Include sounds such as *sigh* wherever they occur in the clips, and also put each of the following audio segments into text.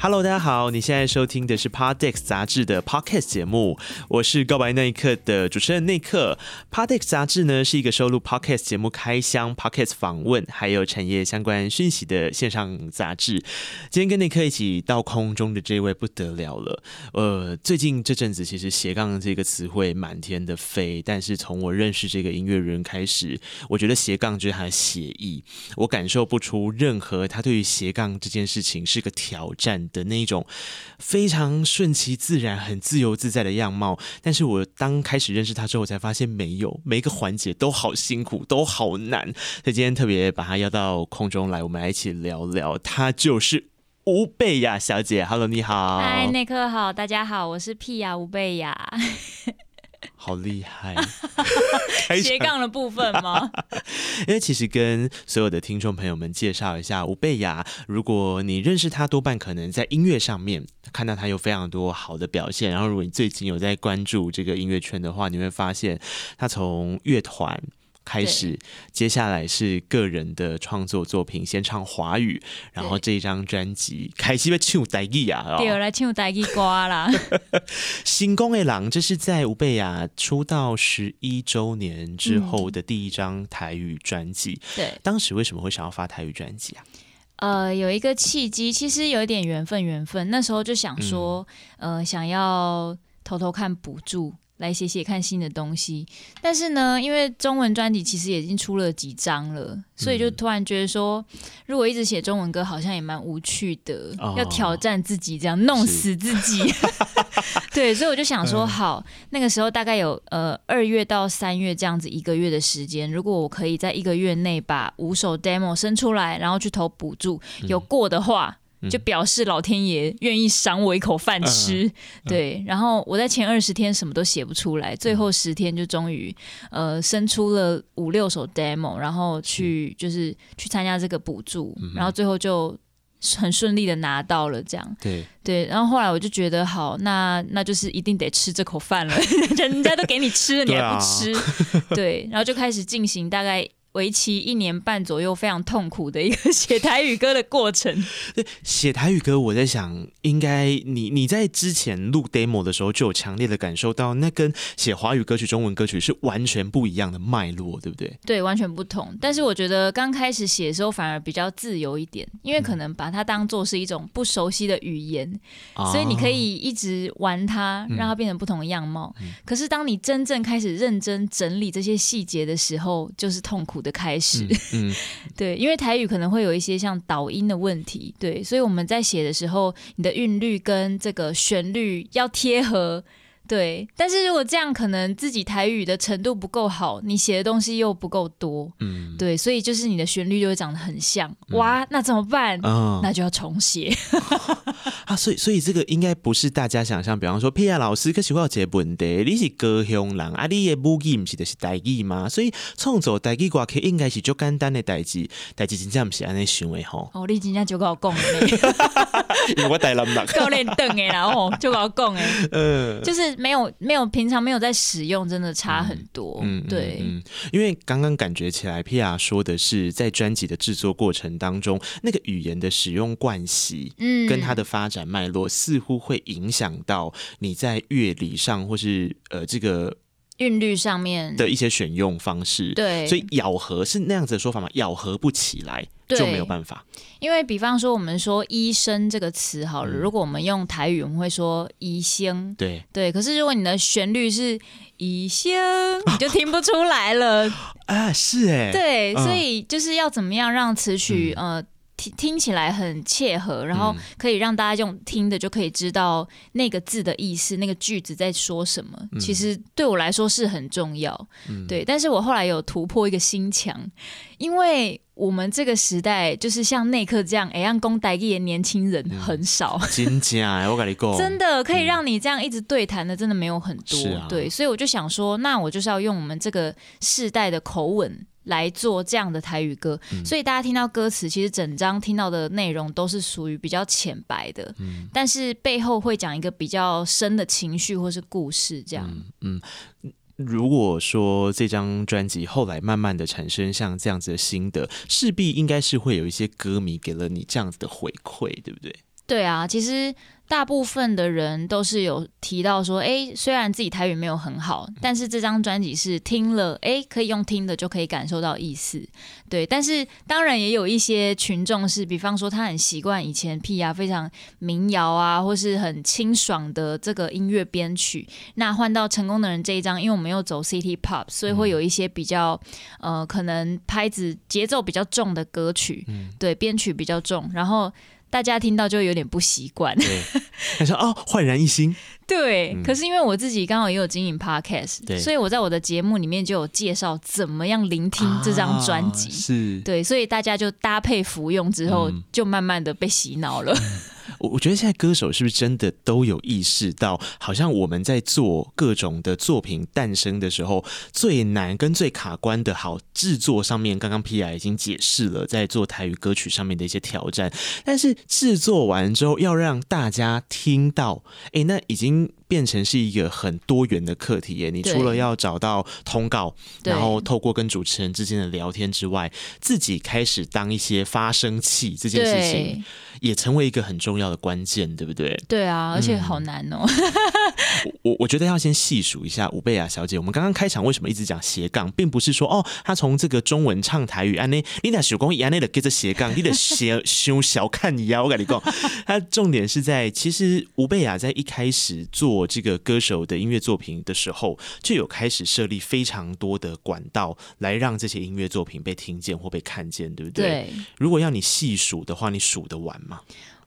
Hello，大家好，你現在收聽的是 Podex 雜誌的 Podcast 節目，我是告白那一刻的主持人內克。Podex 雜誌呢是一個收錄 Podcast 節目開箱、Podcast 訪問，還有產業相關訊息的線上雜誌。今天跟內克一起到空中的這一位不得了了。呃，最近這陣子其實斜槓這個詞彙滿天的飛，但是從我認識這個音樂人開始，我覺得斜槓就是他的血液，我感受不出任何他對於斜槓這件事情是個挑戰的那一種非常順其自然、很自由自在的樣貌，但是我當開始認識他之後，我才發現沒有，每一個環節都好辛苦，都好難。所以今天特別把他邀到空中來，我們來一起聊聊。她就是吳蓓雅小姐。Hello，你好，嗨，內克好，大家好，我是 PiA 吳蓓雅。 *laughs* 好厲害！ *laughs* 想斜槓的部分嗎？ *laughs* 因為其實跟所有的聽眾朋友們介紹一下，吳蓓雅，如果你認識她，多半可能在音樂上面看到她有非常多好的表現。然後，如果你最近有在關注這個音樂圈的話，你會發現她從樂團。開始，對接下來是個人的創作作品，先唱華語，然後這張專輯開始要唱台語了啊，對，我來、喔、唱台語歌啦 *laughs* 新公的郎，這是在吳蓓雅出道十一週年之後的第一張台語專輯。對、嗯，當時為什麼會想要發台語專輯啊？呃，有一個契機，其實有一點緣分，分，緣分，那時候就想說，嗯、呃，想要偷偷看補助。來寫寫看新的東西，但是呢，因為中文專輯其實已經出了幾張了，嗯、所以就突然覺得說，如果一直寫中文歌，好像也蠻無趣的。哦、要挑戰自己，這樣弄死自己。是 *laughs* *laughs* 對，所以我就想說，嗯、好，那個時候大概有呃二月到三月這樣子一個月的時間，如果我可以在一個月內把五首 demo 生出來，然後去投補助，有過的話，嗯就表示老天爺願意賞我一口飯吃，嗯嗯、對。然後我在前二十天什麼都寫不出來，嗯、最後十天就終於，呃，生出了五六首 demo，然後去是就是去參加這個補助，嗯、然後最後就很順利的拿到了這樣。對對。然後後來我就覺得好，那那就是一定得吃這口飯了， *laughs* 人家都給你吃了，你還不吃？對啊、對。然後就開始進行大概。為期一年半左右，非常痛苦的一個寫台語歌的過程。 *laughs* 對，寫台語歌，我在想應，應該你你在之前錄 demo 的時候，就有強烈的感受到，那跟寫華語歌曲、中文歌曲是完全不一樣的脈絡，對不對？對，完全不同。但是我覺得剛開始寫的時候，反而比較自由一點，因為可能把它當做是一種不熟悉的語言，嗯、所以你可以一直玩它，讓它變成不同的樣貌。嗯、可是當你真正開始認真整理這些細節的時候，就是痛苦的開始，嗯嗯、 *laughs* 對，因為台語可能會有一些像倒音的問題，對，所以我們在寫的時候，你的韻律跟這個旋律要貼合。對，但是如果這樣，可能自己台語的程度不夠好，你寫的東西又不夠多，嗯，對，所以就是你的旋律就會長得很像，嗯、哇，那怎麼辦？呃、那就要重寫。啊，所以，所以這個應該不是大家想象，比方說，PiA 老師，可是我有一個問題，你是高雄人，啊，你的母語不是就是台語嗎？所以創作台語歌曲應該是最簡單的代誌，代誌真正不是安尼想的齁。我、哦、你真正就跟我講，我大男教練等的然後就跟我講哎，嗯、哦，就是。沒有沒有，平常沒有在使用，真的差很多。嗯，嗯對嗯嗯，因為剛剛感覺起來，PiA 說的是在專輯的制作過程當中，那個語言的使用慣習，嗯，跟它的發展脈絡，似乎會影響到你在樂理上，或是呃，這個。韻律上面的一些選用方式，對，所以咬合是那樣子的說法嘛？咬合不起來就沒有辦法。因為比方說，我們說“醫生”這個詞，好了，嗯、如果我們用台語，我們會說“醫生”，對對。可是，如果你的旋律是“醫生”，對你就聽不出來了。啊，是哎、欸，對，嗯、所以就是要怎麼樣讓詞曲呃。聽聽起來很切合，然後可以讓大家用聽的就可以知道那個字的意思，那個句子在說什麼。嗯、其實對我來說是很重要，嗯、對。但是我後來有突破一個心牆，因為我們這個時代就是像那刻這樣，哎、欸，講台語的年輕人很少。真、嗯、真的，我跟你說，真的可以讓你這樣一直對談的，真的沒有很多。嗯啊、對，所以我就想說，那我就是要用我們這個世代的口吻。來做這樣的台語歌，嗯，所以大家聽到歌詞，其實整張聽到的內容都是屬於比較淺白的，嗯，但是背後會講一個比較深的情緒或是故事，這樣。嗯，嗯，如果說這張專輯後來慢慢的產生像這樣子的心得，勢必應該是會有一些歌迷給了你這樣子的回饋，對不對？對啊，其實。大部分的人都是有提到說，哎、欸，雖然自己台語沒有很好，但是這張專輯是聽了，哎、欸，可以用聽的就可以感受到意思，對。但是當然也有一些群眾是，比方說他很習慣以前 PiA 非常民謠啊，或是很清爽的這個音樂編曲，那換到成功的人這一張，因為我們又走 City Pop，所以會有一些比較，呃，可能拍子節奏比較重的歌曲，嗯、對，編曲比較重，然後。大家聽到就有點不習慣，他說：“哦，煥然一新。” *laughs* 對，嗯、可是因為我自己剛好也有經營 podcast，對所以我在我的節目裡面就有介紹怎麼樣聆聽這張專輯。是對，所以大家就搭配服用之後，就慢慢的被洗腦了。嗯嗯我我覺得現在歌手是不是真的都有意識到，好像我們在做各種的作品誕生的時候，最難跟最卡關的，好制作上面，剛剛 Pia 已經解釋了，在做台語歌曲上面的一些挑戰，但是制作完之後要讓大家聽到，哎、欸，那已經。變成是一個很多元的課題耶！你除了要找到通告，對然後透過跟主持人之間的聊天之外，對自己開始當一些發聲器這件事情，對也成為一個很重要的關鍵，對不對？對啊，而且好難哦、喔嗯 *laughs* ！我我覺得要先細數一下吳蓓雅小姐，我們剛剛開場為什麼一直講斜槓，並不是說哦，她從這個中文唱台語，安內，你那手工一樣的跟着斜槓，你的斜兄小看你啊！我跟你講，他重點是在其實吳蓓雅在一開始做。我這個歌手的音樂作品的時候，就有開始設立非常多的管道來讓這些音樂作品被聽見或被看見，對不對？對。如果要你細數的話，你數得完嗎？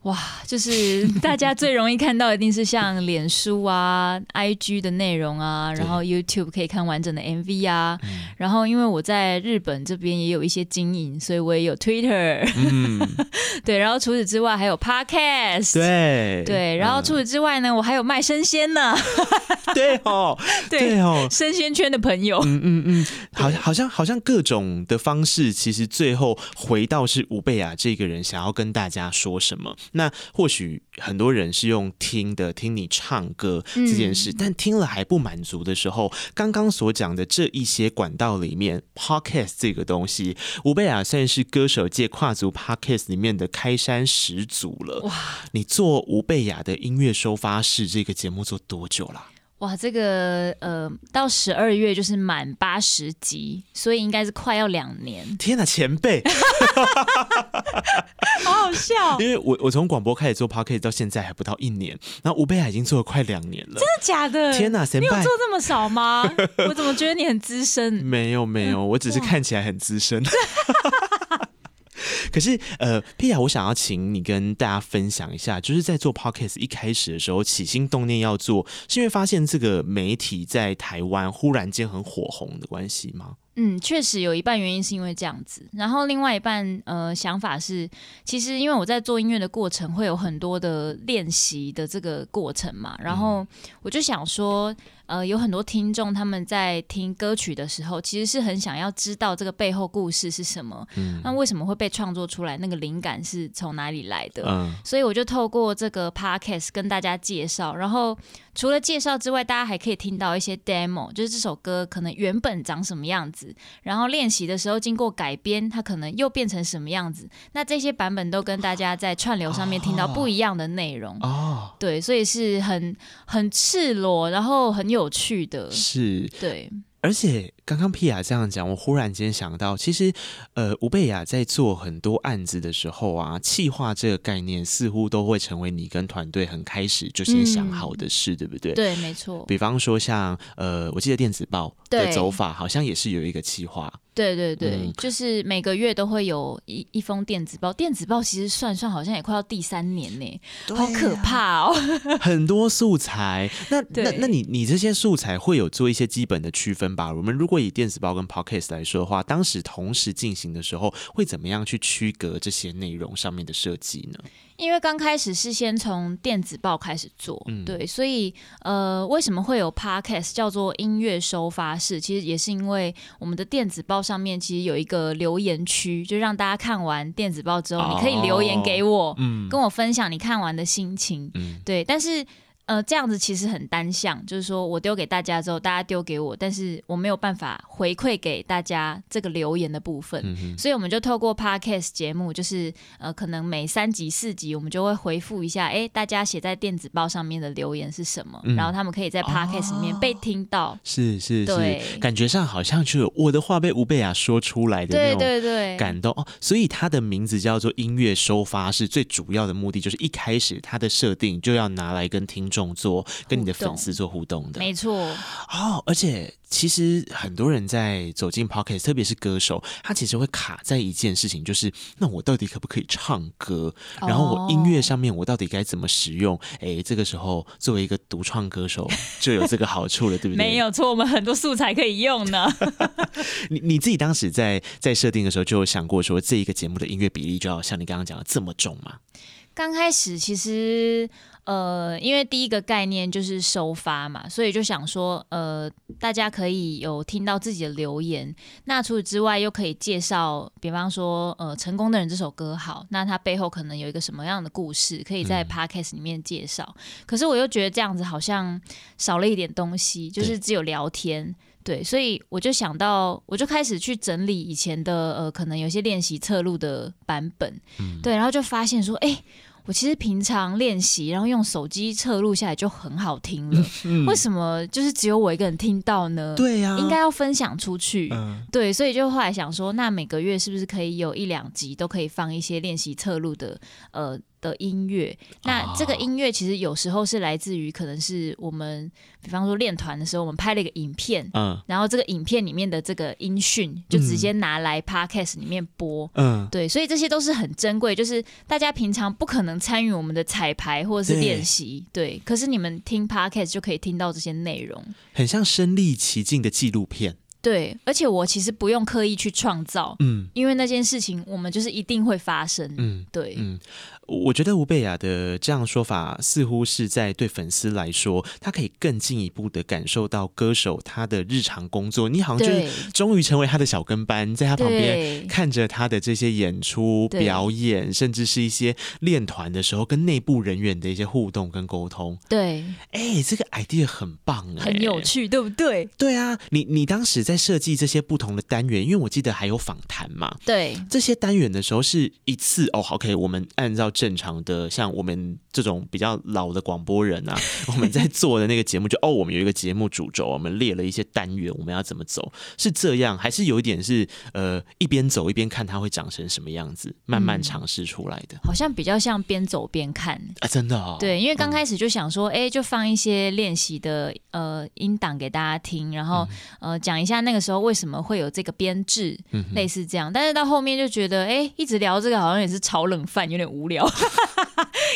哇，就是大家最容易看到一定是像臉書啊、 *laughs* IG 的內容啊，對然後 YouTube 可以看完整的 MV 啊，嗯、然後因為我在日本這邊也有一些經營，所以我也有 Twitter、嗯。 *laughs* 對，然後除此之外還有 Podcast，對對、嗯、對，然後除此之外呢，我還有賣生鮮呢。對哦，對哦，生 *laughs* 鮮圈的朋友。嗯嗯嗯，嗯嗯對好像，好像好像各種的方式，其實最後回到是吳蓓雅這個人想要跟大家說什麼。那或許很多人是用聽的，聽你唱歌這件事，嗯、但聽了還不滿足的時候，剛剛所講的這一些管道裡面，Podcast 這個東西，吳蓓雅算是歌手界跨足 Podcast 裡面的開山始祖了。哇，你做吳蓓雅的音樂收發室這個節目做多久了，啊？哇，這個呃，到十二月就是滿八十集，所以應該是快要兩年。天哪、啊，前輩， *laughs* *laughs* 好好笑。因為我我從廣播開始做 Podcast 到現在還不到一年，然後吳蓓雅已經做了快兩年了。真的假的？天哪、啊，前輩，你有做這麼少嗎？ *laughs* 我怎麼覺得你很資深？沒有沒有，我只是看起來很資深。嗯 *laughs* 可是，呃，PiA 我想要請你跟大家分享一下，就是在做 Podcast 一開始的時候，起心動念要做，是因為發現這個媒體在台灣忽然間很火紅的關係嗎？嗯，確實有一半原因是因為這樣子，然後另外一半呃想法是，其實因為我在做音樂的過程會有很多的練習的這個過程嘛，然後我就想說，呃，有很多聽眾他們在聽歌曲的時候，其實是很想要知道這個背後故事是什麼，嗯，那為什麼會被創作出來，那個靈感是從哪裡來的，嗯，所以我就透過這個 Podcast 跟大家介紹，然後。除了介紹之外，大家還可以聽到一些 demo，就是這首歌可能原本長什麼樣子，然後練習的時候經過改編，它可能又變成什麼樣子。那這些版本都跟大家在串流上面聽到不一樣的內容。哦，哦對，所以是很很赤裸，然後很有趣的，是，對。而且剛剛 PiA 這樣講，我忽然間想到，其實，呃，吳蓓雅在做很多案子的時候啊，企劃這個概念似乎都會成為你跟團隊很開始就先想好的事，嗯、對不對？對，沒錯。比方說像呃，我記得電子報的走法，好像也是有一個企劃。對嗯對對對，嗯、就是每個月都會有一一封電子報，電子報其實算算好像也快到第三年呢、欸，啊、好可怕哦、喔！很多素材， *laughs* 那對 那，那你你這些素材會有做一些基本的區分吧？我們如果以電子報跟 Podcast 來說的話，當時同時進行的時候，會怎麼樣去區隔這些內容上面的設計呢？因為剛開始是先從電子報開始做，嗯、對，所以呃，為什麼會有 podcast 叫做音樂收發室？其實也是因為我們的電子報上面其實有一個留言區，就讓大家看完電子報之後，哦、你可以留言給我，嗯、跟我分享你看完的心情，嗯、對，但是。呃，這樣子其實很單向，就是說我丟給大家之後，大家丟給我，但是我沒有辦法回饋給大家這個留言的部分。嗯、哼所以我們就透過 Podcast 節目，就是呃，可能每三集四集，我們就會回覆一下，哎、欸，大家寫在電子報上面的留言是什麼，嗯、然後他們可以在 Podcast 裡面被聽到。哦、對是是是，感覺上好像就有我的話被吳蓓雅說出來的那種感動。對對對哦，所以他的名字叫做音樂收發，是最主要的目的，就是一開始他的設定就要拿來跟聽。重做跟你的粉絲做互動的，沒錯哦。而且其實很多人在走進 Podcast，特別是歌手，他其實會卡在一件事情，就是那我到底可不可以唱歌？哦、然後我音樂上面我到底該怎麼使用？哎，這個時候作為一個獨創歌手就有這個好處了，對不對？沒有錯，我們很多素材可以用呢。 *laughs* *laughs* 你你自己當時在在設定的時候，就有想過說這一個節目的音樂比例就要像你剛剛講的這麼重嗎？剛開始其實，呃，因為第一個概念就是收發嘛，所以就想說，呃，大家可以有聽到自己的留言。那除此之外，又可以介紹，比方說，呃，成功的人這首歌好，那它背後可能有一個什麼樣的故事，可以在 podcast 裡面介紹。嗯，可是我又覺得這樣子好像少了一點東西，就是只有聊天。對，所以我就想到，我就開始去整理以前的呃，可能有些練習側錄的版本，嗯、對，然後就發現說，哎、欸，我其實平常練習，然後用手機側錄下來就很好聽了，嗯，為什麼就是只有我一個人聽到呢？對呀、啊，應該要分享出去。嗯、對，所以就後來想說，那每個月是不是可以有一兩集都可以放一些練習側錄的呃。的音樂，那這個音樂其實有時候是來自於可能是我們，比方說練團的時候，我們拍了一個影片，嗯，然後這個影片裡面的這個音訊就直接拿來 Podcast 裡面播，嗯，對，所以這些都是很珍貴，就是大家平常不可能參與我們的彩排或者是練習，對，對，可是你們聽 Podcast 就可以聽到這些內容，很像身歷其境的紀錄片，對，而且我其實不用刻意去創造，嗯，因為那件事情我們就是一定會發生，嗯，對，嗯。我覺得吳蓓雅的這樣說法似乎是在對粉絲來說，他可以更進一步的感受到歌手他的日常工作。你好像就是終於成為他的小跟班，在他旁邊看着他的這些演出表演，甚至是一些練團的時候跟內部人員的一些互動跟溝通。對，哎、欸，這個 idea 很棒、欸，很有趣，對不對？對啊，你你當時在設計這些不同的單元，因為我記得還有訪談嘛。對，這些單元的時候是一次哦，OK，我們按照。正常的像我們這種比較老的廣播人啊，我們在做的那個節目就哦，我們有一個節目主軸，我們列了一些單元，我們要怎麼走是這樣，還是有一點是呃一邊走一邊看它會長成什麼樣子，慢慢嘗試出來的、嗯，好像比較像邊走邊看啊，真的、哦、對，因為剛開始就想說哎、嗯欸，就放一些練習的呃音檔給大家聽，然後、嗯、呃講一下那個時候為什麼會有這個編制，嗯、哼類似這樣，但是到後面就覺得哎、欸、一直聊這個好像也是炒冷飯，有點無聊。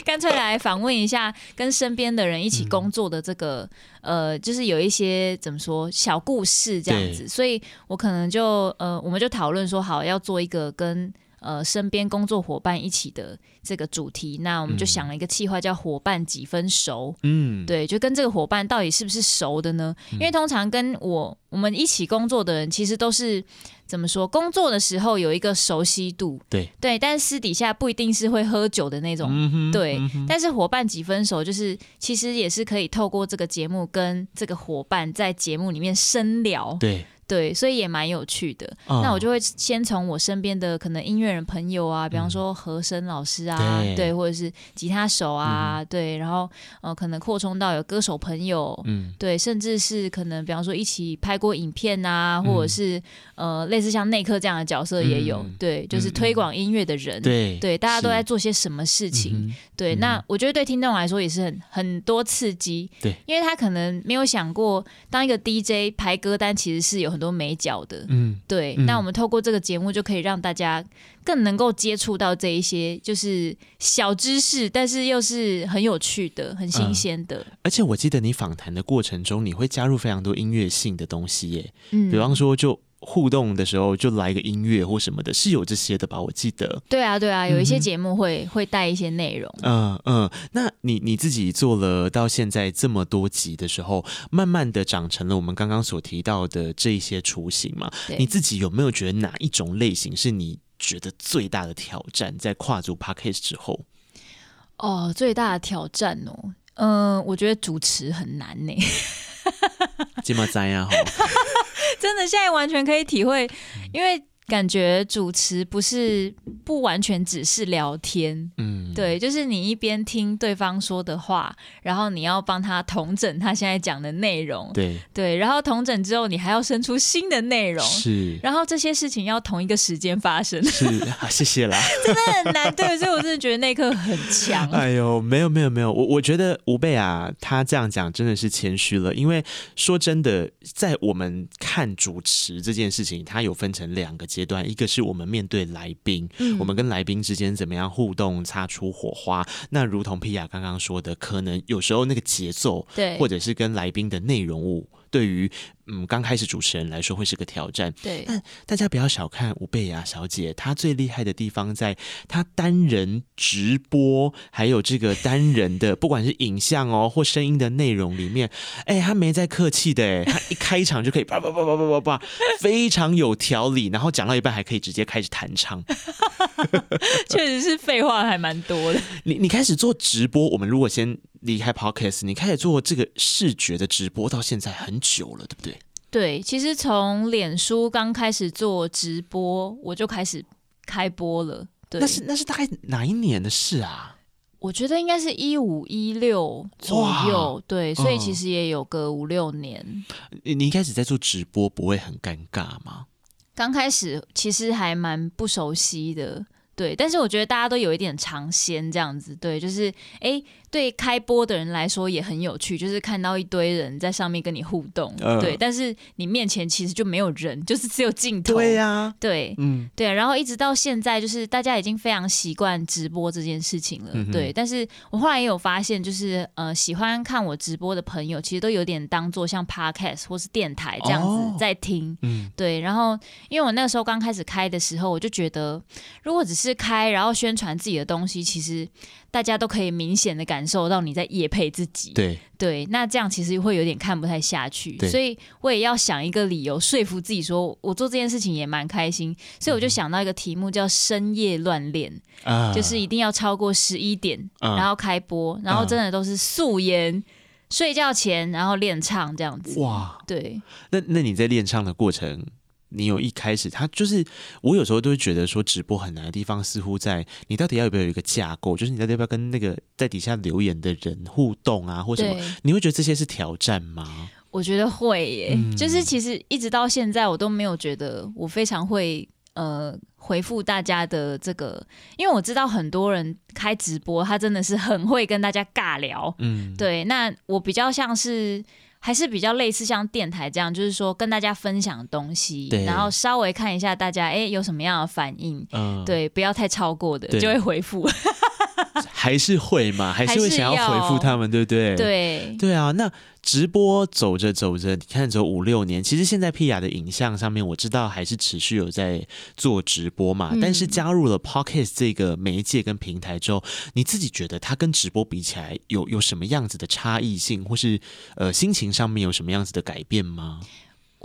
乾 *laughs* 脆來訪問一下，跟身邊的人一起工作的這個，呃，就是有一些怎麼說小故事這樣子，所以我可能就呃，我們就討論說好要做一個跟呃身邊工作夥伴一起的這個主題，那我們就想了一個企劃，叫夥伴幾分熟，嗯，對，就跟這個夥伴到底是不是熟的呢？因為通常跟我我們一起工作的人，其實都是。怎麼說？工作的時候有一個熟悉度，對，對，但是私底下不一定是會喝酒的那種，嗯、哼對。嗯、哼但是夥伴幾分熟，就是其實也是可以透過這個節目跟這個夥伴在節目裡面深聊。對。對，所以也蠻有趣的。那我就會先從我身邊的可能音樂人朋友啊，比方說和聲老師啊，對，或者是吉他手啊，對，然後呃，可能擴充到有歌手朋友，嗯，對，甚至是可能比方說一起拍過影片啊，或者是呃，類似像內科這樣的角色也有，對，就是推廣音樂的人，對，對，大家都在做些什麼事情，對，那我覺得對聽眾來說也是很很多刺激，對，因為他可能沒有想過當一個 DJ 排歌單其實是有。很多美角的，嗯，對，嗯、那我們透過這個節目就可以讓大家更能夠接觸到這一些，就是小知識，但是又是很有趣的、很新鮮的。而且我記得你訪談的過程中，你會加入非常多音樂性的東西耶，嗯、比方說就。互動的時候就來個音樂或什麼的，是有這些的吧？我記得。對啊，對啊，有一些節目會、嗯、哼會帶一些內容。嗯嗯、呃呃，那你你自己做了到現在這麼多集的時候，慢慢的長成了我們剛剛所提到的這一些雛形嘛？對你自己有沒有覺得哪一種類型是你覺得最大的挑戰？在跨足 Podcast 之後。哦，最大的挑戰哦，嗯、呃，我覺得主持很難呢、欸。 *laughs* 這麼讚呀！ *laughs* 真的，現在完全可以體會，因為。感覺主持不是不完全只是聊天，嗯，對，就是你一邊聽對方說的話，然後你要幫他統整他現在講的內容，對對，然後統整之後，你還要生出新的內容，是，然後這些事情要同一個時間發生，是，好，啊，謝謝啦，真的很難，對， *laughs* 所以我真的覺得那一刻很強。哎呦，沒有沒有沒有，我我覺得吳蓓雅，他這樣講真的是謙虛了，因為說真的，在我們看主持這件事情，他有分成兩個節目。階段，一個是我們面對來賓，嗯、我們跟來賓之間怎麼樣互動，擦出火花。那如同 PiA 剛剛說的，可能有時候那個節奏，對，或者是跟來賓的內容物。對於嗯，剛開始主持人來說會是個挑戰。對，但大家不要小看吳蓓雅小姐，她最厲害的地方在她單人直播，還有這個單人的不管是影像哦、喔、或聲音的內容裡面，哎、欸，她沒在客氣的、欸，哎，她一開場就可以啪啪啪啪啪啪非常有條理，然後講到一半還可以直接開始彈唱，確 *laughs* 實是廢話還蠻多的。你你開始做直播，我們如果先離開 Podcast，你開始做這個視覺的直播到現在很久了，對不對？對，其實從臉書剛開始做直播，我就開始開播了。對，那是，那是大概哪一年的事啊？我覺得應該是一五一六左右。哇對，所以其實也有個五六年。你你一開始在做直播，不會很尷尬嗎？剛開始其實還蠻不熟悉的，對。但是我覺得大家都有一點嘗鮮這樣子，對，就是哎。欸對開播的人來說也很有趣，就是看到一堆人在上面跟你互動，呃、對，但是你面前其實就沒有人，就是只有鏡頭。對呀、啊，對，嗯，對。然後一直到現在，就是大家已經非常習慣直播這件事情了，對。嗯、哼但是我後來也有發現，就是呃，喜歡看我直播的朋友，其實都有點當做像 podcast 或是電台這樣子在聽，哦嗯、對。然後因為我那個時候剛開始開的時候，我就覺得，如果只是開，然後宣傳自己的東西，其實。大家都可以明顯的感受到你在業配自己，對對，那這樣其實會有點看不太下去，對 所以我也要想一個理由說服自己說，說我做這件事情也蠻開心，所以我就想到一個題目叫深夜亂練，就是一定要超過十一點，然後開播，然後真的都是素顏睡覺前，然後練唱這樣子。哇，對，那那你在練唱的過程？你有一開始，他就是我有時候都會覺得說，直播很難的地方似乎在你到底要不要有一個架構，就是你到底要不要跟那個在底下留言的人互動啊，或什麼？對你會覺得這些是挑戰嗎？我覺得會耶，嗯、就是其實一直到現在我都沒有覺得我非常會呃回復大家的這個，因為我知道很多人開直播，他真的是很會跟大家尬聊，嗯，對。那我比較像是。還是比較類似像電台這樣，就是說跟大家分享東西，對然後稍微看一下大家，哎、欸、有什麼樣的反應，嗯、對，不要太超過的對就會回復。 *laughs* 還是會嘛，還是會想要回復他們，對不對？對對啊，那直播走着走着，你看走五六年，其實現在 PiA 的影像上面，我知道還是持續有在做直播嘛。嗯、但是加入了 Podcast 這個媒介跟平台之後，你自己覺得它跟直播比起來有，有有什麼樣子的差異性，或是呃心情上面有什麼樣子的改變嗎？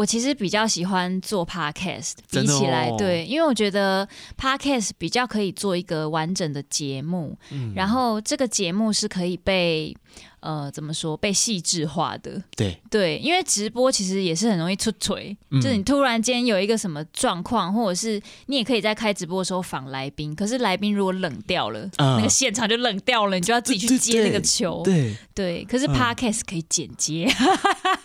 我其實比較喜歡做 podcast，比起來，真的哦？對，因為我覺得 podcast 比較可以做一個完整的節目，嗯、然後這個節目是可以被呃怎麼說被細緻化的。對對，因為直播其實也是很容易出槌，嗯、就是你突然間有一個什麼狀況，或者是你也可以在開直播的時候訪來賓，可是來賓如果冷掉了，嗯、那個現場就冷掉了，嗯、你就要自己去接那個球。對對，可是 podcast 可以剪接。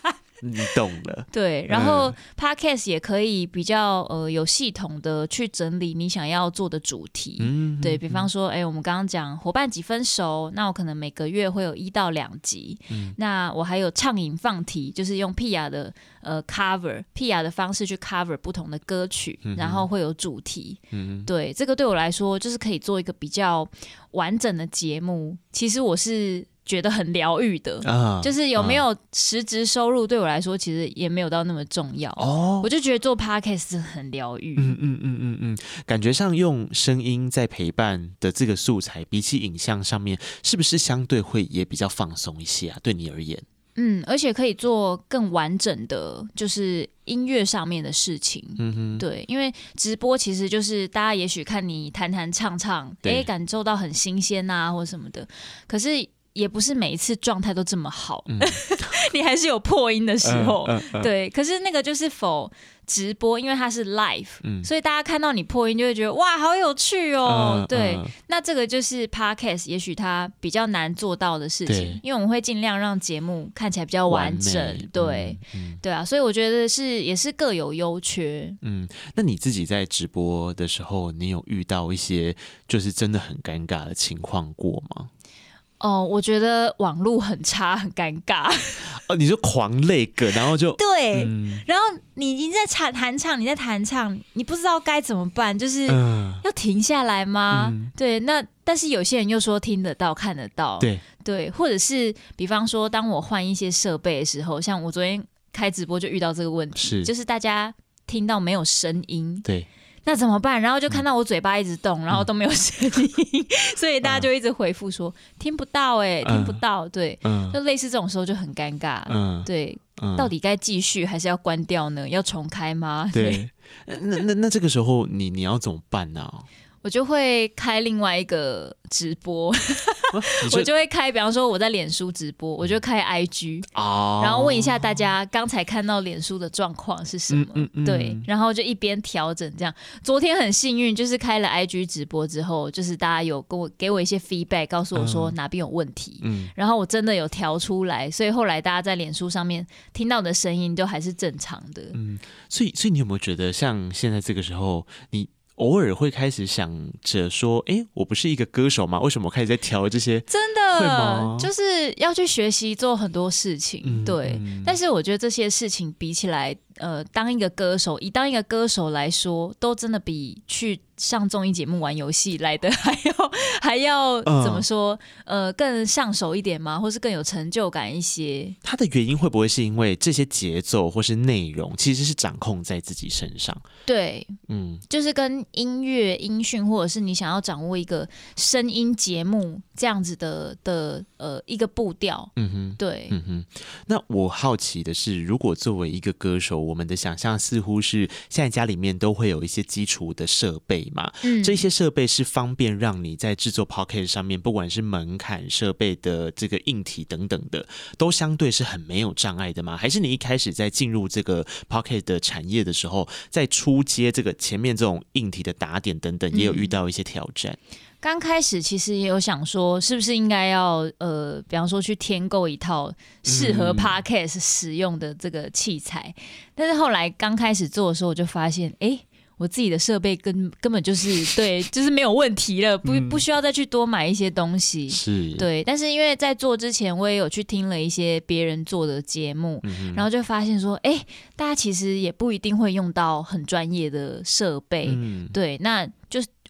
嗯 *laughs* 你懂的，對，然後 podcast 也可以比較、嗯、呃有系統的去整理你想要做的主題，對，比方說，哎，我們剛剛講夥伴幾分熟，那我可能每個月會有一到兩集，嗯、那我還有暢飲放題，就是用 Pia 的呃 cover Pia 的方式去 cover 不同的歌曲，然後會有主題，對，這個對我來說就是可以做一個比較完整的節目。其實我是。覺得很療癒的、啊、就是有沒有實質收入，對我來說、啊、其實也沒有到那麼重要哦。我就覺得做 Podcast 很療癒、嗯，嗯嗯嗯嗯嗯，感覺上用聲音在陪伴的這個素材，比起影像上面，是不是相對會也比較放鬆一些啊？對你而言，嗯，而且可以做更完整的，就是音樂上面的事情，嗯哼，對，因為直播其實就是大家也許看你彈彈唱唱，哎對、欸，感受到很新鮮啊，或什麼的，可是。也不是每一次狀態都這麼好，嗯、 *laughs* 你還是有破音的時候。嗯嗯嗯、對，可是那個就是否直播，因為它是 live，、嗯、所以大家看到你破音就會覺得哇，好有趣哦。嗯、對，嗯、那這個就是 podcast，也許它比較難做到的事情，對因為我們會盡量讓節目看起來比較完整。完美對，嗯嗯、對啊，所以我覺得是也是各有優缺。嗯，那你自己在直播的時候，你有遇到一些就是真的很尷尬的情況過嗎？哦，我覺得網路很差，很尷尬。哦，你就狂 lag，然後就對，嗯、然後你你在彈彈唱，你在彈唱，你不知道該怎麼辦，就是要停下來嗎？嗯、對，那但是有些人又說聽得到，看得到，對對，或者是比方說，當我換一些設備的時候，像我昨天開直播就遇到這個問題，是就是大家聽到沒有聲音，對。那怎麼辦？然後就看到我嘴巴一直動，嗯、然後都沒有聲音，嗯、 *laughs* 所以大家就一直回復說、嗯、聽不到哎、欸，嗯、聽不到，對，嗯、就類似這種時候就很尷尬，嗯、對，嗯、到底該繼續還是要關掉呢？要重開嗎？對，對，那那那這個時候你你要怎麼辦呢、啊？ *laughs* 我就會開另外一個直播。 *laughs* 你就 *laughs* 我就會開，比方說我在臉書直播，我就開 IG，、哦、然後問一下大家剛才看到臉書的狀況是什麼？嗯嗯嗯、對，然後就一邊調整。這樣，昨天很幸運，就是開了 IG 直播之後，就是大家有跟我給我一些 feedback，告訴我說哪邊有問題，嗯嗯、然後我真的有調出來，所以後來大家在臉書上面聽到的聲音都還是正常的。嗯，所以，所以你有沒有覺得像現在這個時候，你？偶爾會開始想着說：“哎、欸，我不是一個歌手嗎？為什麼我開始在挑這些？”真的，嗎就是要去學習做很多事情，嗯、對。但是我覺得這些事情比起來。呃，當一個歌手，以當一個歌手來說，都真的比去上綜藝節目玩遊戲來的還要還要怎麼說？呃，呃，更上手一點嗎？或是更有成就感一些？他的原因會不會是因為這些節奏或是內容其實是掌控在自己身上？對，嗯，就是跟音樂音訊，或者是你想要掌握一個聲音節目這樣子的的呃一個步調。嗯哼，對，嗯哼。那我好奇的是，如果作為一個歌手，我們的想象似乎是現在家裡面都會有一些基礎的設備嘛，嗯、這些設備是方便讓你在制作 Podcast 上面，不管是門檻設備的這個硬體等等的，都相對是很沒有障礙的嗎？還是你一開始在進入這個 Podcast 的產業的時候，在出街這個前面這種硬體的打點等等，也有遇到一些挑戰？嗯剛開始其實也有想說，是不是應該要呃，比方說去添購一套適合 Podcast 使用的這個器材？嗯、但是後來剛開始做的時候，我就發現，哎、欸，我自己的設備根根本就是 *laughs* 對，就是沒有問題了，不不需要再去多買一些東西。是、嗯，對。但是因為在做之前，我也有去聽了一些別人做的節目，嗯、哼然後就發現說，哎、欸，大家其實也不一定會用到很專業的設備。嗯、對，那。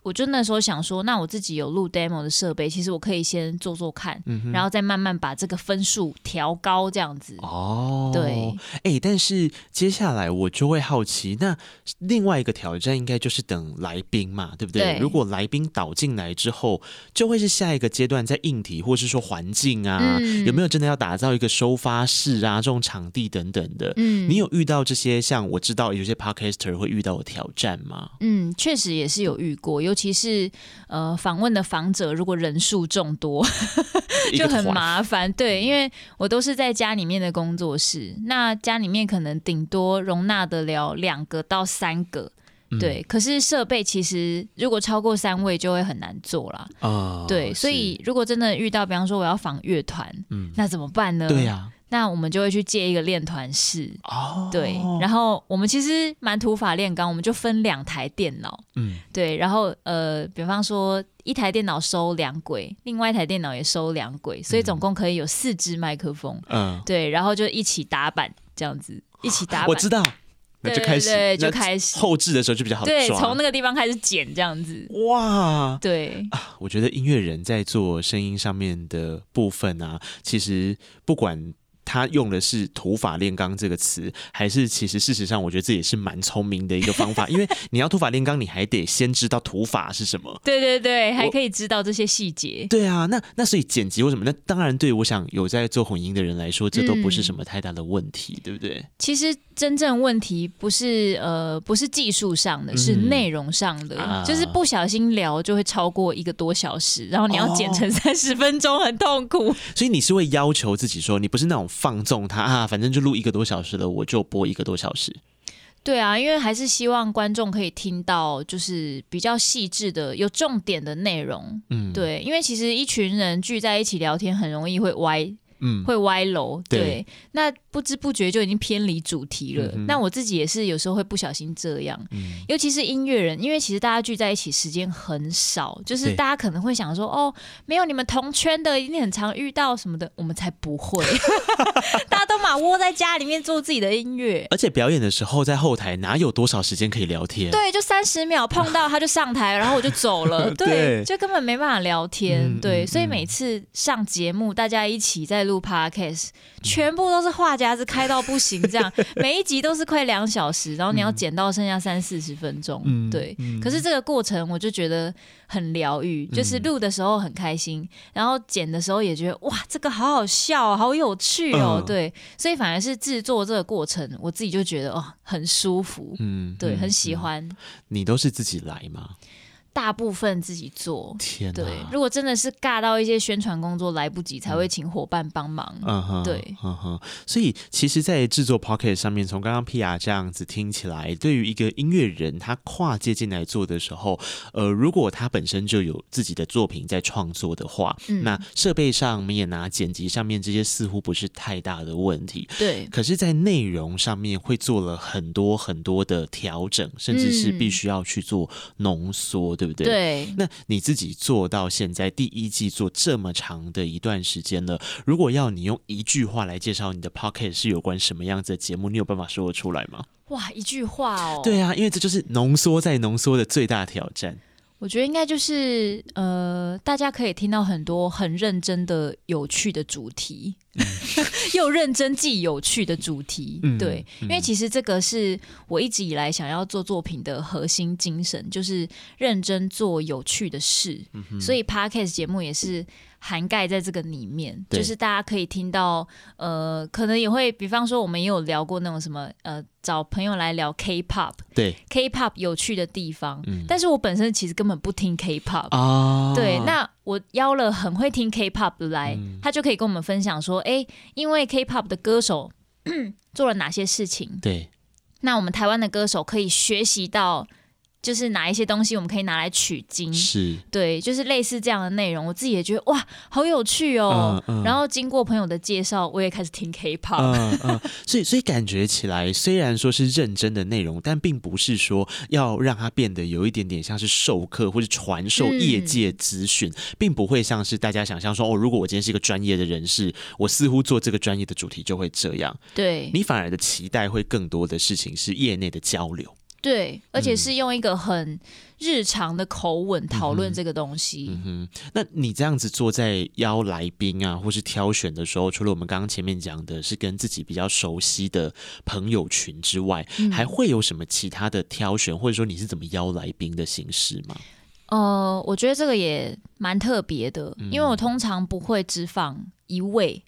我就那時候想說，那我自己有錄 demo 的設備，其實我可以先做做看，嗯、哼然後再慢慢把這個分數調高，這樣子。哦，對，哎、欸，但是接下來我就會好奇，那另外一個挑戰應該就是等來賓嘛，對不對？對。如果來賓倒進來之後，就會是下一個階段在硬體或是說環境啊，嗯、有沒有真的要打造一個收發室啊這種場地等等的？嗯，你有遇到這些像我知道有些 podcaster 會遇到的挑戰嗎？嗯，確實也是有遇過有。其實呃，訪問的訪者如果人數眾多， *laughs* 就很麻煩。對，因為我都是在家裡面的工作室，那家裡面可能頂多容納得了兩個到三個。對，嗯、可是設備其實如果超過三位就會很難做啦。哦，對，所以如果真的遇到，是比方說我要訪樂團，嗯、那怎麼辦呢？對呀、啊。那我們就會去借一個練團室，哦、對，然後我們其實蠻土法煉鋼，我們就分兩台電腦，嗯，對，然後呃，比方說一台電腦收兩軌，另外一台電腦也收兩軌，所以總共可以有四支麥克風，嗯，對，然後就一起打板這樣子，一起打板，我知道，那就開始，對對對，就開始後製的時候就比較好，對，從那個地方開始剪這樣子，哇，對、啊、我覺得音樂人在做聲音上面的部分啊，其實不管。他用的是“土法煉鋼”這個詞，還是其實事實上，我覺得這也是蠻聰明的一個方法。 *laughs* 因為你要“土法煉鋼”，你還得先知道“土法”是什麼。對對對，還可以知道這些細節。對啊，那那所以剪輯為什麼，那當然，對我想有在做混音的人來說，這都不是什麼太大的問題，嗯、對不對？其實。真正問題不是呃，不是技術上的，嗯，是內容上的，啊，就是不小心聊就會超過一個多小時，然後你要剪成三十分鐘，哦，很痛苦。所以你是會要求自己說，你不是那種放縱他啊，反正就錄一個多小時了，我就播一個多小時。對啊，因為還是希望觀眾可以聽到，就是比較細緻的、有重點的內容。嗯，對，因為其實一群人聚在一起聊天，很容易會歪，嗯，會歪樓。對，那。不知不覺就已經偏離主題了。那我自己也是有時候會不小心這樣，尤其是音樂人，因為其實大家聚在一起時間很少，就是大家可能會想說：“哦，沒有你們同圈的一定很常遇到什麼的，我們才不會。”大家都嘛窩在家裡面做自己的音樂，而且表演的時候在後台哪有多少時間可以聊天？對，就三十秒碰到他就上台，然後我就走了，對，就根本沒辦法聊天。對，所以每次上節目大家一起在錄 Podcast。全部都是話匣子開到不行，這樣 *laughs* 每一集都是快兩小時，然後你要剪到剩下三四十分鐘，嗯、對。嗯、可是這個過程我就覺得很療癒，嗯、就是錄的時候很開心，嗯、然後剪的時候也覺得哇，這個好好笑，哦，好有趣哦，呃、對。所以反而是製作這個過程，我自己就覺得哦，很舒服，嗯，對，很喜歡，嗯嗯。你都是自己來嗎？大部分自己做，天、啊、對，如果真的是尬到一些宣傳工作來不及，嗯、才會請夥伴幫忙。嗯哼、uh，huh, 對，嗯哼、uh。Huh. 所以其實，在制作 Podcast 上面，從剛剛 PR 這樣子聽起來，對於一個音樂人，他跨界進來做的時候，呃，如果他本身就有自己的作品在創作的話，嗯、那設備上面、啊、拿剪輯上面這些，似乎不是太大的問題。對。可是，在內容上面，會做了很多很多的調整，甚至是必須要去做濃縮的。嗯對不對？對，那你自己做到現在第一季做這麼長的一段時間了，如果要你用一句話來介紹你的 podcast 是有關什麼樣子的節目，你有辦法說得出來嗎？哇，一句話哦！對啊，因為這就是濃縮再濃縮的最大挑戰。我覺得應該就是，呃，大家可以聽到很多很認真的、有趣的主題， *laughs* 又認真既有趣的主題，對，嗯嗯、因為其實這個是我一直以來想要做作品的核心精神，就是認真做有趣的事，嗯、哼所以 Podcast 節目也是。涵蓋在這個裡面，對 就是大家可以聽到，呃，可能也會，比方說我們也有聊過那種什麼，呃，找朋友來聊 K-pop，對，K-pop 有趣的地方。嗯、但是我本身其實根本不聽 K-pop、啊、對，那我邀了很會聽 K-pop 的來，嗯、他就可以跟我們分享說，哎、欸，因為 K-pop 的歌手 *coughs* 做了哪些事情，對，那我們台灣的歌手可以學習到。就是拿一些東西，我們可以拿來取經。是。對，就是類似這樣的內容。我自己也覺得哇，好有趣喔。嗯嗯。然後經過朋友的介紹，我也開始聽 K-pop。嗯嗯。所以所以感覺起來，雖然說是認真的內容，但並不是說要讓它變得有一點點像是授課或是傳授業界資訊。嗯。並不會像是大家想象說哦，如果我今天是一個專業的人士，我似乎做這個專業的主題，就會這樣。對。你反而的期待會更多的事情是業內的交流。對，而且是用一個很日常的口吻討論這個東西。嗯，嗯哼，那你這樣子坐在邀來賓啊，或是挑選的時候，除了我們剛剛前面講的是跟自己比較熟悉的朋友群之外，嗯、還會有什麼其他的挑選？或者說你是怎麼邀來賓的形式嗎？呃，我覺得這個也蠻特別的，因為我通常不會只放一位。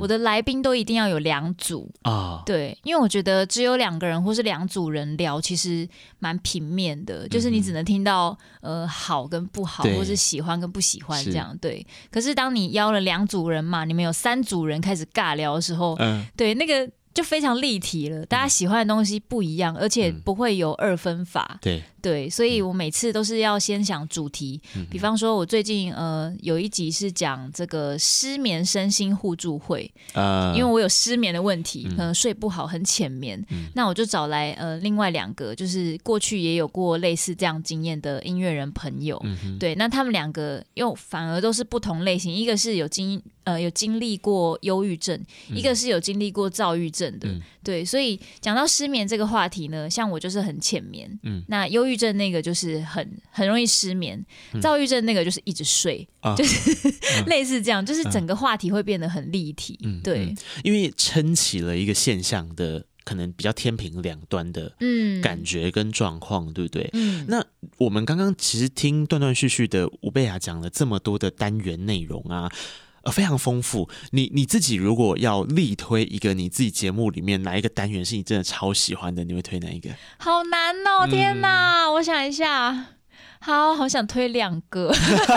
我的來賓都一定要有兩組啊，嗯、對，因為我覺得只有兩個人或是兩組人聊，其實蠻平面的，嗯嗯，就是你只能聽到呃好跟不好，對或是喜歡跟不喜歡這樣是對。可是當你邀了兩組人嘛，你們有三組人開始尬聊的時候，嗯、對那個。就非常立體了，大家喜歡的東西不一樣，嗯、而且不會有二分法。嗯、對，對所以我每次都是要先想主題。嗯、哼比方說，我最近呃有一集是講這個失眠身心互助會啊，呃、因為我有失眠的問題，嗯、可能睡不好，很淺眠。嗯、那我就找來呃另外兩個，就是過去也有過類似這樣經驗的音樂人朋友。嗯、哼對，那他們兩個又反而都是不同類型，一個是有經呃，有經歷過憂鬱症，嗯、一個是有經歷過躁鬱症的，嗯、對，所以講到失眠這個話題呢，像我就是很淺眠，嗯，那憂鬱症那個就是很很容易失眠，嗯、躁鬱症那個就是一直睡，啊、就是類似這樣，啊、就是整個話題會變得很立體，嗯、對，因為撐起了一個現象的可能比較天平兩端的感覺跟狀況，對不對？嗯、那我們剛剛其實聽斷斷續續的吳蓓雅講了這麼多的單元內容啊。呃，非常豐富。你你自己如果要力推一個，你自己節目裡面哪一個單元是你真的超喜歡的？你會推哪一個？好難哦、喔，天哪！嗯、我想一下，好好想推兩個，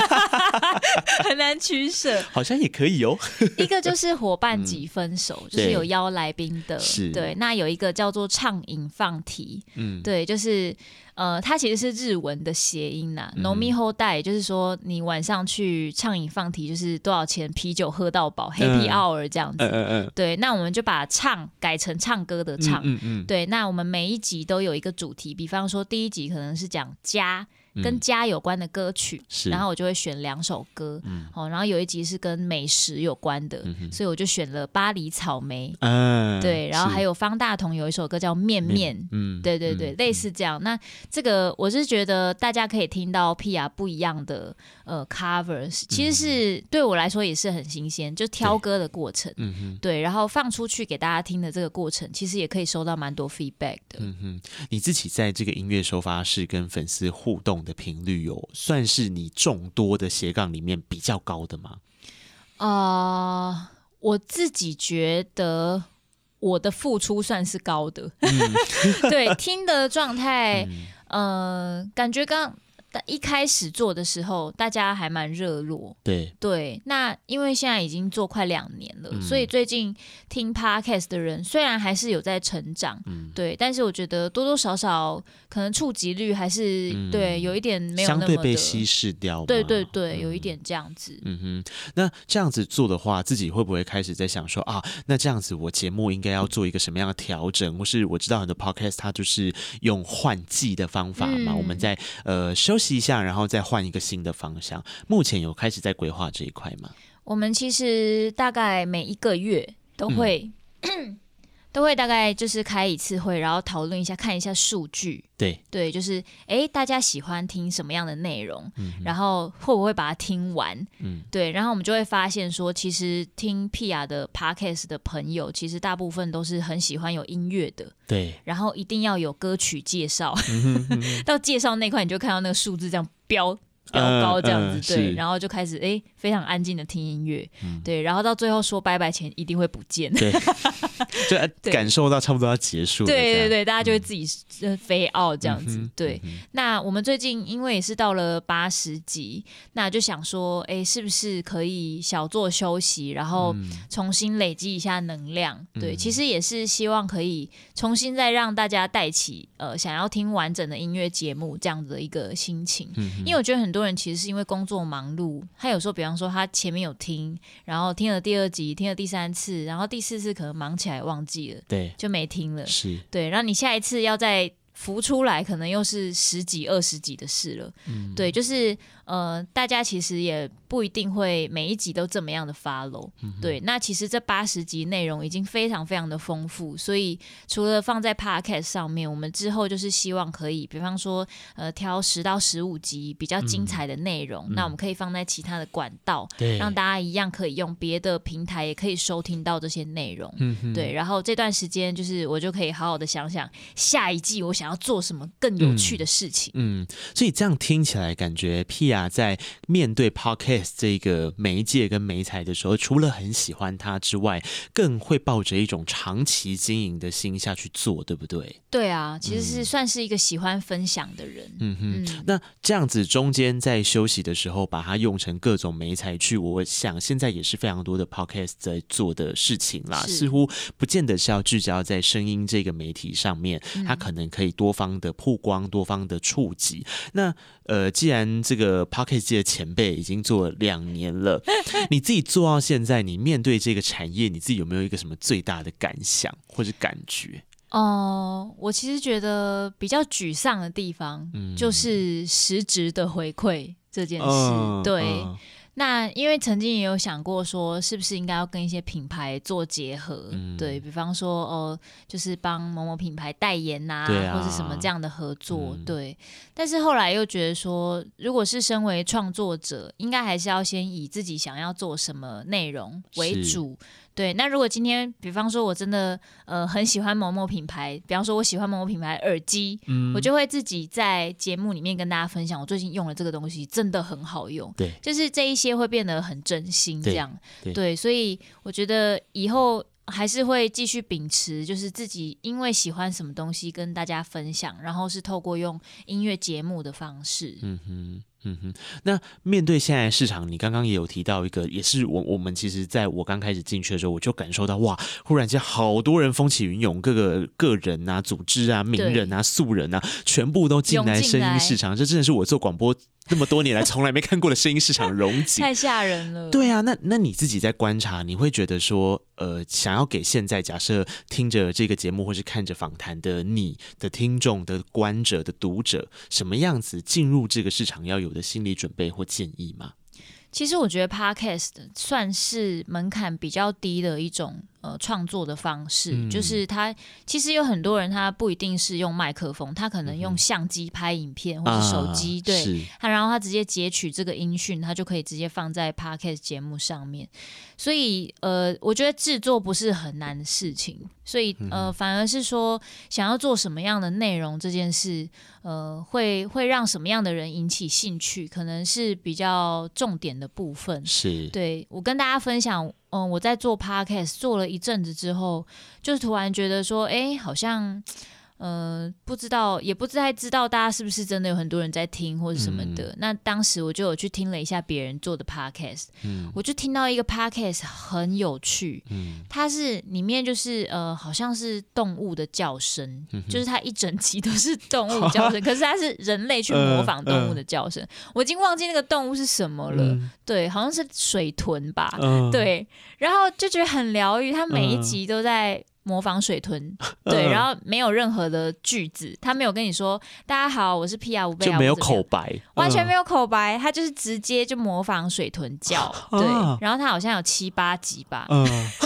*laughs* *laughs* 很難取捨。好像也可以哦、喔。 *laughs* 一個就是夥伴幾分熟，嗯、就是有邀來賓的，對，對。那有一個叫做暢飲放題，嗯，對，就是。呃，它其實是日文的諧音吶、啊，“濃密後代”就是說你晚上去暢飲放題，就是多少錢啤酒喝到飽、嗯、Happy hour 這樣子。嗯嗯嗯。嗯嗯嗯，對，那我們就把“唱”改成唱歌的“唱”嗯。嗯嗯、對，那我們每一集都有一個主題，比方說第一集可能是講家。跟家有關的歌曲，嗯、然後我就會選兩首歌，嗯、然後有一集是跟美食有關的，嗯、哼所以我就選了巴黎草莓，呃、對，是然後還有方大同有一首歌叫麵麵，麵嗯、對對對，嗯、類似這樣。嗯、那這個我是覺得大家可以聽到 PiA 不一樣的。呃，covers 其實是、嗯、對我來說也是很新鮮，就挑歌的過程，嗯嗯，對，然後放出去給大家聽的這個過程，其實也可以收到蠻多 feedback 的。嗯哼，你自己在這個音樂收發室跟粉絲互動的頻率，有算是你眾多的斜槓裡面比較高的嗎？啊、呃，我自己覺得我的付出算是高的，嗯、 *laughs* 對，聽的狀態，嗯、呃，感覺剛，一開始做的時候，大家還蠻熱絡。對對，那因為現在已經做快兩年了，嗯、所以最近聽 Podcast 的人雖然還是有在成長，嗯、對，但是我覺得多多少少可能觸及率還是、嗯、對有一點沒有相對被稀釋掉。對對對，有一點這樣子嗯。嗯哼，那這樣子做的話，自己會不會開始在想說啊？那這樣子我節目應該要做一個什麼樣的調整？或是我知道很多 Podcast 它就是用換季的方法嘛，嗯、我們在呃休息。試一下，然後再換一個新的方向。目前有開始在規劃這一塊嗎？我們其實大概每一個月都會。嗯都會大概就是開一次會，然後討論一下，看一下數據。對，對，就是哎，大家喜歡聽什麼樣的內容？嗯、哼然後會不會把它聽完？嗯，對。然後我們就會發現說，其實聽 Pia 的 Podcast 的朋友，其實大部分都是很喜歡有音樂的。對。然後一定要有歌曲介紹。嗯哼嗯哼 *laughs* 到介紹那塊，你就看到那個數字這樣飆飆,飆高這樣子，呃呃、對。然後就開始哎，非常安靜的聽音樂。嗯、對。然後到最後說拜拜前，一定會不見。對。 *laughs* *laughs* 就感受到差不多要結束了，對對對，嗯、大家就會自己 fade out 這樣子。嗯、哼對，嗯、哼那我們最近因為也是到了八十集，那就想說，哎、欸，是不是可以小做休息，然後重新累積一下能量？嗯、對，其實也是希望可以重新再讓大家帶起、嗯、哼呃想要聽完整的音樂節目這樣子的一個心情。嗯、哼因為我覺得很多人其實是因為工作忙碌，他有時候比方說他前面有聽，然後聽了第二集，聽了第三次，然後第四次可能忙。起來忘記了，對，就沒聽了，是，對，然後你下一次要再浮出來，可能又是十幾、二十幾的事了，嗯，對，就是。呃，大家其實也不一定會每一集都這麼樣的 follow，、嗯、哼對。那其實這八十集內容已經非常非常的豐富，所以除了放在 podcast 上面，我們之後就是希望可以，比方說，呃，挑十到十五集比較精彩的內容，嗯嗯、那我們可以放在其他的管道，對讓大家一樣可以用別的平台也可以收聽到這些內容。嗯哼，對。然後這段時間，就是我就可以好好的想想下一季我想要做什麼更有趣的事情。嗯，嗯，所以這樣聽起來感覺 PiA。在面對 Podcast 這個媒介跟媒材的時候，除了很喜歡它之外，更會抱着一種長期經營的心下去做，對不對？對啊，其實是、嗯、算是一個喜歡分享的人。嗯哼，那這樣子中間在休息的時候，把它用成各種媒材去，我想現在也是非常多的 Podcast 在做的事情啦。是似乎不見得是要聚焦在聲音這個媒體上面，它可能可以多方的曝光，多方的觸及。那呃，既然這個 Podcast 界的前輩已經做了兩年了， *laughs* 你自己做到現在，你面對這個產業，你自己有沒有一個什麼最大的感想或是感覺？哦、呃，我其實覺得比較沮喪的地方，嗯、就是實質的回饋這件事，呃、對。呃那因為曾經也有想過說，是不是應該要跟一些品牌做結合？嗯、對，比方說，哦、呃，就是幫某某品牌代言吶、啊，啊、或者什麼這樣的合作，嗯、對。但是後來又覺得說，如果是身為創作者，應該還是要先以自己想要做什麼內容為主。對，那如果今天，比方說我真的，呃，很喜歡某某品牌，比方說我喜歡某某品牌耳機，嗯，我就會自己在節目裡面跟大家分享，我最近用了這個東西，真的很好用，對，就是這一些會變得很真心這樣，對，對，對，所以我覺得以後還是會繼續秉持，就是自己因為喜歡什麼東西跟大家分享，然後是透過用音樂節目的方式，嗯哼。嗯哼，那面對現在市場，你剛剛也有提到一個，也是我我們其實在我剛開始進去的時候，我就感受到哇，忽然間好多人風起雲湧，各個個人啊、組織啊、名人啊、對素人啊，全部都進來聲音市場，這真的是我做廣播那麼多年來從來沒看過的聲音市場榮景， *laughs* 太嚇人了。對啊，那那你自己在觀察，你會覺得說。呃，想要給現在假設聽着這個節目或是看着訪談的你的聽眾的觀者的讀者，什麼樣子進入這個市場要有的心理準備或建議嗎？其實我覺得 Podcast 算是門檻比較低的一種。呃，創作的方式、嗯、就是他其實有很多人，他不一定是用麥克風，他可能用相機拍影片，或者手機，嗯啊、對，他然後他直接截取這個音訊，他就可以直接放在 Podcast 節目上面。所以呃，我覺得製作不是很難的事情，所以呃，反而是說想要做什麼樣的內容這件事，呃，會會讓什麼樣的人引起興趣，可能是比較重點的部分。是，對，我跟大家分享。嗯，我在做 podcast 做了一陣子之後，就是突然覺得說，哎、欸，好像。呃，不知道，也不知道，大家是不是真的有很多人在聽或者什麼的？嗯、那當時我就有去聽了一下別人做的 podcast，、嗯、我就聽到一個 podcast 很有趣，嗯、它是裡面就是呃，好像是動物的叫聲，嗯、哼就是它一整集都是動物叫聲， *laughs* 可是它是人類去模仿動物的叫聲， *laughs* 呃呃、我已經忘記那個動物是什麼了，嗯、對，好像是水豚吧，呃、對，然後就覺得很療癒，它每一集都在。模仿水豚，對，然後沒有任何的句子，他沒有跟你說“大家好，我是 PiA 吳蓓”，就沒有口白，完全沒有口白，呃、他就是直接就模仿水豚叫，對，啊、然後他好像有七八集吧。呃 *laughs*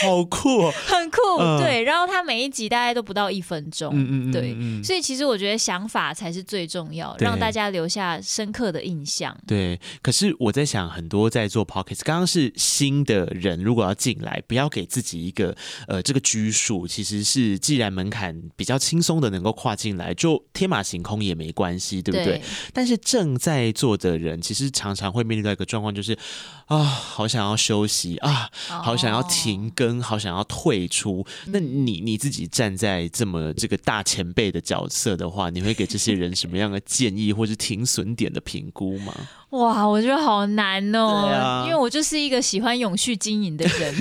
好酷，哦， *laughs* 很酷，呃、對。然後他每一集大概都不到一分鐘，嗯對嗯，嗯嗯，對。所以其實我覺得想法才是最重要，對讓大家留下深刻的印象。對。可是我在想，很多在做 podcast 剛剛是新的人，如果要進來，不要給自己一個呃這個拘束。其實是既然門檻比較輕鬆的能夠跨進來，就天馬行空也沒關係，對不對？對但是正在做的人，其實常常會面臨到一個狀況，就是啊，好想要休息啊，好想要停。哦跟好想要退出。那你你自己站在這麼這個大前輩的角色的話，你會給這些人什麼樣的建議，或是停損點的評估嗎？哇，我覺得好難哦，對啊，因為我就是一個喜歡永續經營的人，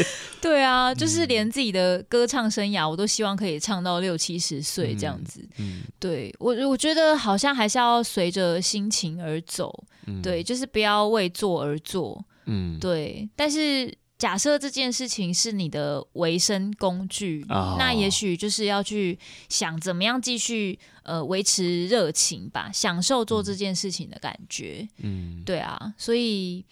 *laughs* *laughs* 對啊，就是連自己的歌唱生涯，我都希望可以唱到六七十歲這樣子。嗯，嗯對我我覺得好像還是要隨着心情而走，嗯，對，就是不要為做而做，嗯，對，但是。假設這件事情是你的維生工具，oh. 那也許就是要去想怎麼樣繼續呃維持熱情吧，享受做這件事情的感覺。嗯、對啊，所以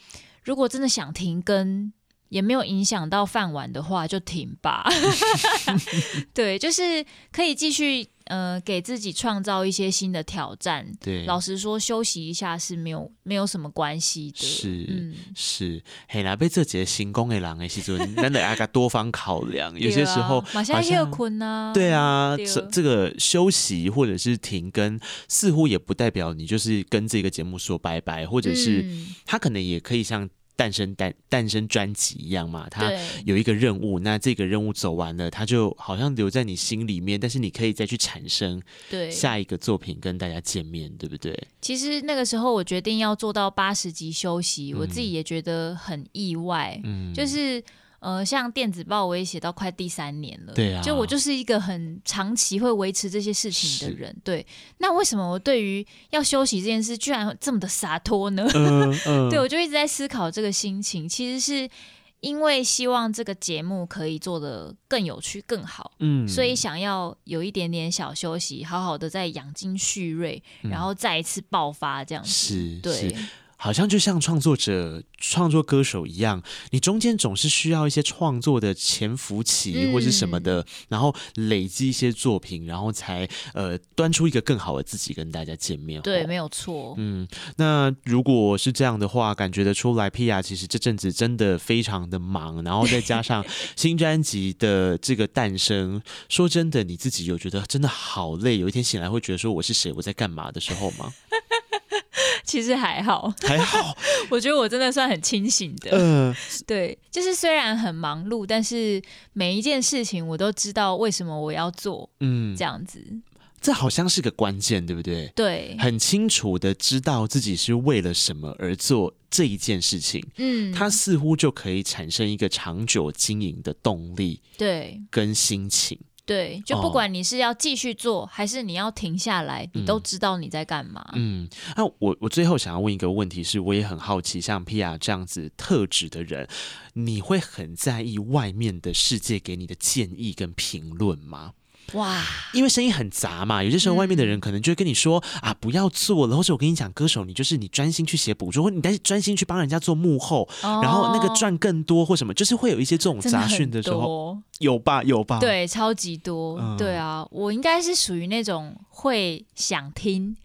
如果真的想停更，也沒有影響到飯碗的話，就停吧。 *laughs* *laughs* 對，就是可以繼續。呃，給自己創造一些新的挑戰。對，老實說，休息一下是沒有沒有什麼關係的。是，嗯、是，嘿，要做一個成功的人的時候，是說，難得要多方考量。 *laughs* 啊、有些時候，好像很困啊。對啊，這對這個休息或者是停更，似乎也不代表你就是跟這個節目說拜拜，或者是他可能也可以像。誕生誕誕生專輯一樣嘛，他有一個任務，對那這個任務走完了，他就好像留在你心裡面，但是你可以再去產生下一個作品跟大家見面，對，對不對？其實那個時候我決定要做到八十集休息，嗯、我自己也覺得很意外，嗯，就是。呃，像電子報我也寫到快第三年了，對啊，就我就是一個很長期會維持這些事情的人，是對。那為什麼我對於要休息這件事居然這麼的灑脫呢？呃呃、 *laughs* 對，我就一直在思考這個心情，其實是因為希望這個節目可以做得更有趣、更好，嗯，所以想要有一點點小休息，好好的再養精蓄銳，嗯、然後再一次爆發這樣子，是，對。好像就像創作者、創作歌手一樣，你中間總是需要一些創作的潛伏期或是什麼的，嗯、然後累積一些作品，然後才呃端出一個更好的自己跟大家見面。哦、對，沒有錯。嗯，那如果是這樣的話，感覺得出來 PiA 其實這陣子真的非常的忙，然後再加上新專輯的這個誕生， *laughs* 說真的，你自己有覺得真的好累？有一天醒來會覺得說我是誰，我在幹嘛的時候嗎？ *laughs* 其實還好，還好， *laughs* 我覺得我真的算很清醒的。嗯、呃，對，就是雖然很忙碌，但是每一件事情我都知道為什麼我要做。嗯，這樣子、嗯，這好像是個關鍵，對不對？對，很清楚的知道自己是為了什麼而做這一件事情。嗯，它似乎就可以產生一個長久經營的動力，對，跟心情。對，就不管你是要繼續做、哦、還是你要停下來，你都知道你在幹嘛。嗯，那、嗯啊、我我最後想要問一個問題是，是我也很好奇，像 PiA 這樣子特質的人，你會很在意外面的世界給你的建議跟評論嗎？哇，因為聲音很雜嘛，有些時候外面的人可能就會跟你說、嗯、啊，不要做了，或者我跟你講，歌手你就是你專心去寫補，或者你但是專心去幫人家做幕後，哦、然後那個賺更多或什麼，就是會有一些這種雜訊的時候，有吧，有吧，對，超級多，嗯、對啊，我應該是屬於那種會想聽。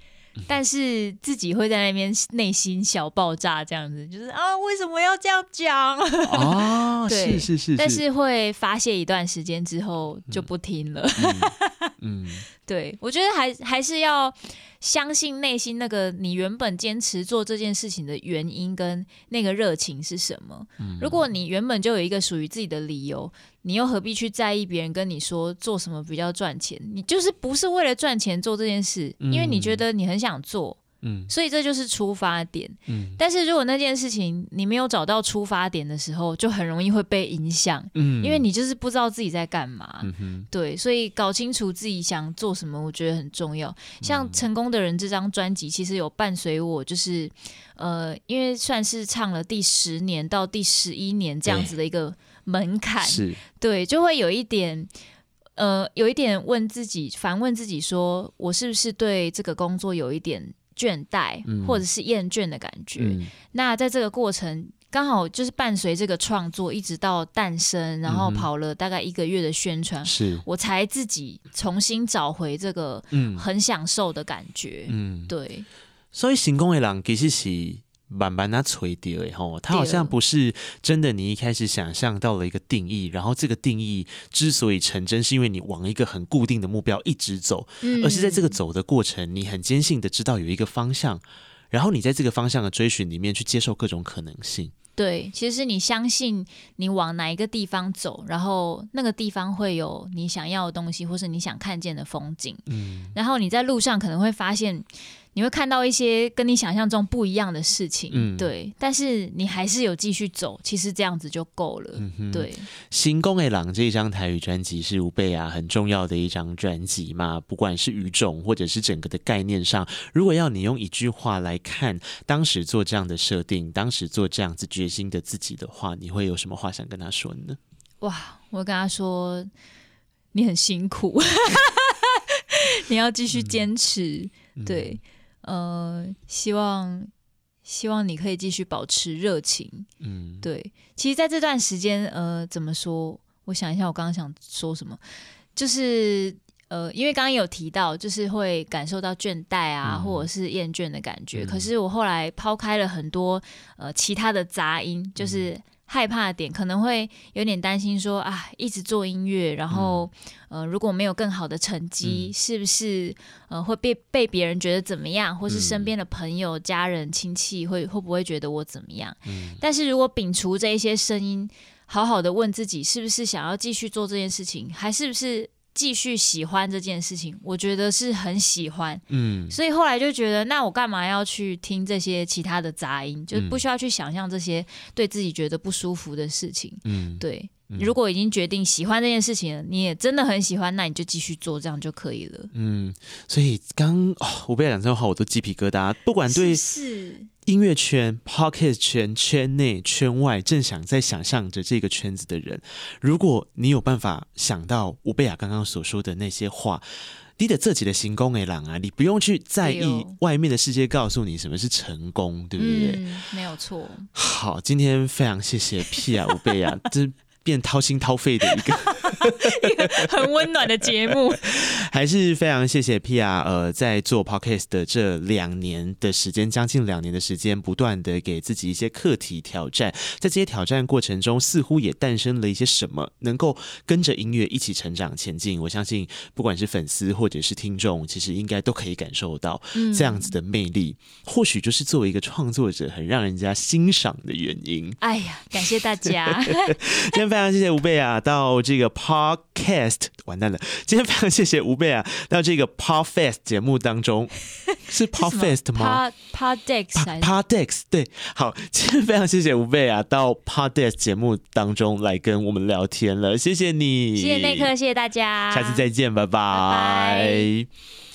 但是自己會在那邊內心小爆炸，這樣子就是啊，為什麼要這樣講？啊、哦， *laughs* 對，是是是，是，但是會發洩一段時間之後就不聽了。嗯 *laughs* 嗯。嗯。對，我覺得還還是要相信內心那個你原本堅持做這件事情的原因跟那個熱情是什麼。嗯、如果你原本就有一個屬於自己的理由，你又何必去在意別人跟你說做什麼比較賺錢？你就是不是為了賺錢做這件事，嗯、因為你覺得你很想做。嗯，所以這就是出發點。嗯，但是如果那件事情你沒有找到出發點的時候，就很容易會被影響。嗯，因為你就是不知道自己在幹嘛。嗯哼，對，所以搞清楚自己想做什麼，我覺得很重要。像成功的人，這張專輯其實有伴隨我，就是、嗯、哼呃，因為算是唱了第十年到第十一年這樣子的一個門檻、欸。是對，就會有一點，呃，有一點問自己，反問自己，說我是不是對這個工作有一點。倦怠，或者是厭倦的感覺，嗯、那在這個過程剛好就是伴隨這個創作一直到誕生，然後跑了大概一個月的宣傳，是、嗯、哼我才自己重新找回這個很享受的感覺，嗯、對，所以成功的人其實是。慢慢那垂了以後，它好像不是真的。你一開始想象到了一個定義，對然後這個定義之所以成真，是因為你往一個很固定的目標一直走，嗯、而是在這個走的過程，你很堅信的知道有一個方向，然後你在這個方向的追尋裡面去接受各種可能性。對，其實你相信你往哪一個地方走，然後那個地方會有你想要的東西，或是你想看見的風景。嗯，然後你在路上可能會發現。你會看到一些跟你想象中不一樣的事情，嗯、對。但是你還是有繼續走，其實這樣子就夠了，嗯、哼對。《新宮野狼》這一張台語專輯是吳蓓雅很重要的一張專輯嘛，不管是語種或者是整個的概念上。如果要你用一句話來看當時做這樣的設定，當時做這樣子決心的自己的話，你會有什麼話想跟他說呢？哇，我跟他說，你很辛苦， *laughs* *laughs* 你要繼續堅持，嗯、對。嗯呃，希望希望你可以繼續保持熱情，嗯，對。其實在這段時間，呃，怎麼說？我想一下，我剛剛想說什麼，就是呃，因為剛剛有提到，就是會感受到倦怠啊，嗯、或者是厭倦的感覺。嗯、可是我後來拋開了很多呃其他的雜音，就是。嗯害怕的點，可能會有點擔心說，說啊，一直做音樂，然後、嗯、呃，如果沒有更好的成績，嗯、是不是呃，會被被別人覺得怎麼樣，或是身邊的朋友、嗯、家人、親戚會會不會覺得我怎麼樣？嗯、但是如果摒除這一些聲音，好好的問自己，是不是想要繼續做這件事情，還是不是？繼續喜歡這件事情，我覺得是很喜歡，嗯，所以後來就覺得，那我幹嘛要去聽這些其他的雜音，就不需要去想象這些對自己覺得不舒服的事情，嗯，對。如果已經決定喜歡這件事情了，你也真的很喜歡，那你就繼續做，這樣就可以了。嗯，所以剛、哦、吳蓓雅講這種話，我都雞皮疙瘩。不管對音樂圈、是是 Pocket 圈、圈內、圈外，正想在想象着這個圈子的人，如果你有辦法想到吳蓓雅剛剛所說的那些話，你的自己的成功誒，郎啊，你不用去在意外面的世界告訴你什麼是成功，對，哦、對不對、嗯？沒有錯。好，今天非常謝謝 P 啊吳蓓雅變掏心掏肺的一個 *laughs* 一個很溫暖的節目， *laughs* 還是非常謝謝 PiA 呃，在做 Podcast 的這兩年的時間，將近兩年的時間，不斷的給自己一些課題挑戰，在這些挑戰過程中，似乎也誕生了一些什麼能夠跟着音樂一起成長前進。我相信，不管是粉絲或者是聽眾，其實應該都可以感受到這樣子的魅力。嗯、或許就是作為一個創作者，很讓人家欣賞的原因。哎呀，感謝大家。 *laughs* *laughs* 非常謝謝吳貝啊，到這個 Podcast 完蛋了。今天非常謝謝吳貝啊，到這個 Podfest 節目當中，是 Podfest *laughs* 嗎？Podex 對，好，今天非常謝謝吳貝啊，到 Podex 節目當中來跟我們聊天了，謝謝你，謝謝那刻，謝謝大家，下次再見，拜拜。拜拜。